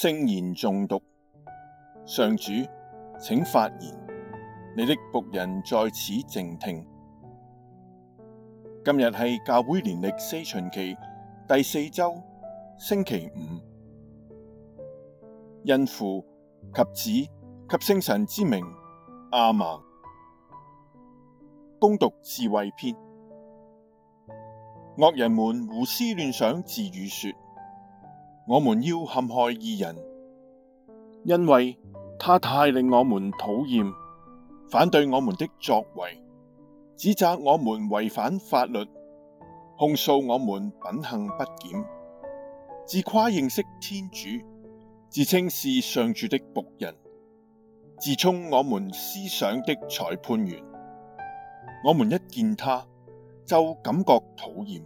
聖言誦讀，上主，請發言，你的僕人在此靜聽。今日係教會年曆四旬期第四周星期五，因父及子及聖神之名，阿嫲。恭讀智慧篇，惡人們胡思亂想自語說我們要陷害義人，因為他太令我們討厭，反對我們的作為，指責我們違犯法律，控訴我們品行不檢，自誇認識天主，自稱是上主的僕人，自充我們思想的裁判員。我們一見他就感覺討厭，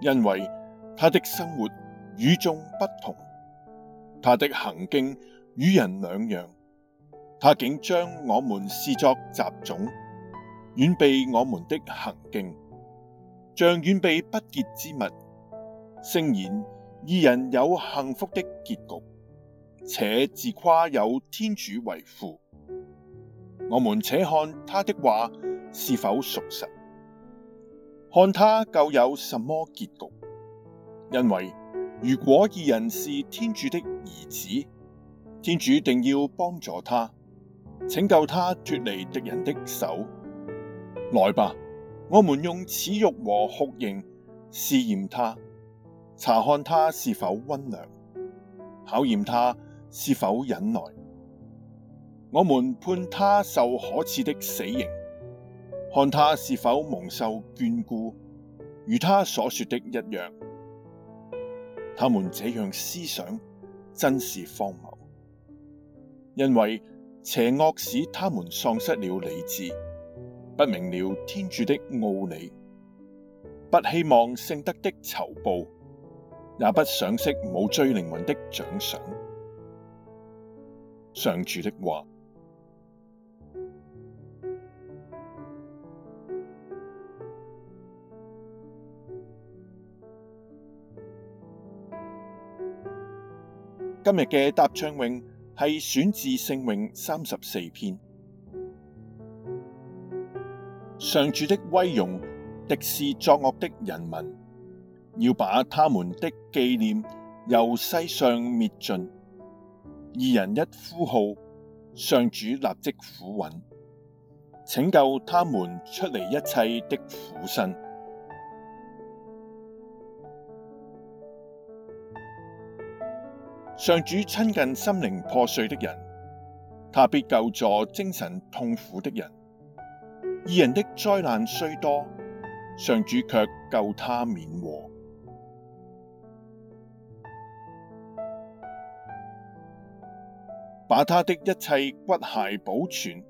因為他的生活。與眾不同，他的行徑與人兩樣，他竟將我們視作雜種，遠避我們的行徑，像遠避不潔之物。聲言義人有幸福的結局，且自誇有天主為父。我們且看他的話是否屬實，看他究有什麼結局，因為。如果義人是天主的兒子，天主定要幫助他，拯救他脫離敵人的手。來吧，我們用恥辱和酷刑試驗他，查看他是否温良，考驗他是否忍耐。我們判他受可恥的死刑，看他是否蒙受眷顧，如他所說的一樣。他們這樣思想真是荒謬，因為邪惡使他們喪失了理智，不明了天主的奧理，不希望聖德的酬報，也不賞識無罪靈魂的獎賞。上主的話。今日嘅答唱詠係選自聖詠三十四篇。上主的威容，敵視作惡的人民，要把他們的記念，由世上滅盡。義人一呼號，上主立即俯允，拯救他們出離一切的苦辛。上主親近心靈破碎的人，他必救助精神痛苦的人。義人的災難雖多，上主卻救他免禍，把他的一切骨骸保存，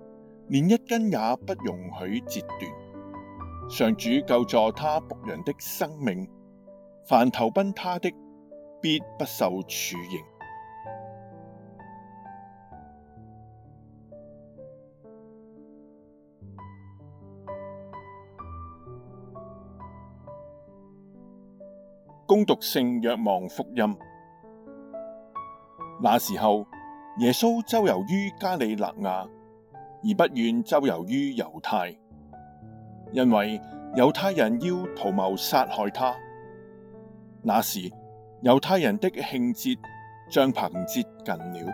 連一根也不容許折斷。上主救助他僕人的生命，凡投奔他的必不受處刑。恭讀聖若望福音。那時候，耶穌周遊於加里肋亞，而不願周遊於猶太，因為猶太人要圖謀殺害他。那時，猶太人的慶節，帳棚節近了。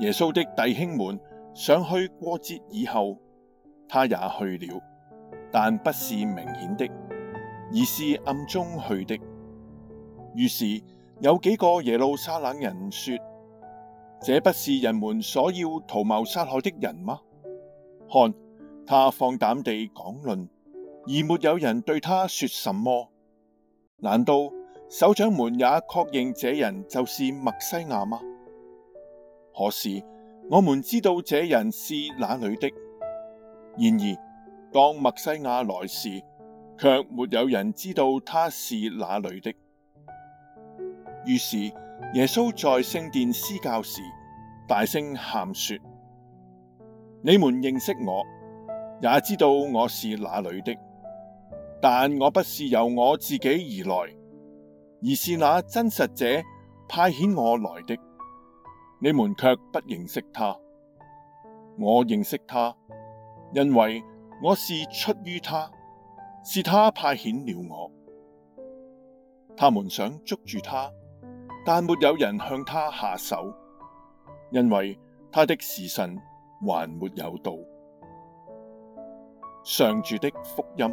耶穌的弟兄們上去過節以後，他也去了，但不是明顯的，而是暗中去的。於是有幾個耶路撒冷人說：這不是人們所要圖謀殺害的人嗎？看，他放膽地講論，而沒有人對他說什麼。難道首長們也確認這人就是默西亞嗎？可是我們知道這人是哪裏的。然而當默西亞來時，却沒有人知道他是哪裏的。於是耶穌在聖殿施教時，大聲喊說：你們認識我，也知道我是那裏的，但我不是由我自己而來，而是那真實者派遣我來的。你們卻不認識他，我認識他，因為我是出於他，是他派遣了我。他們想捉住他。但沒有人向他下手，因為他的時辰還沒有到。上主的福音。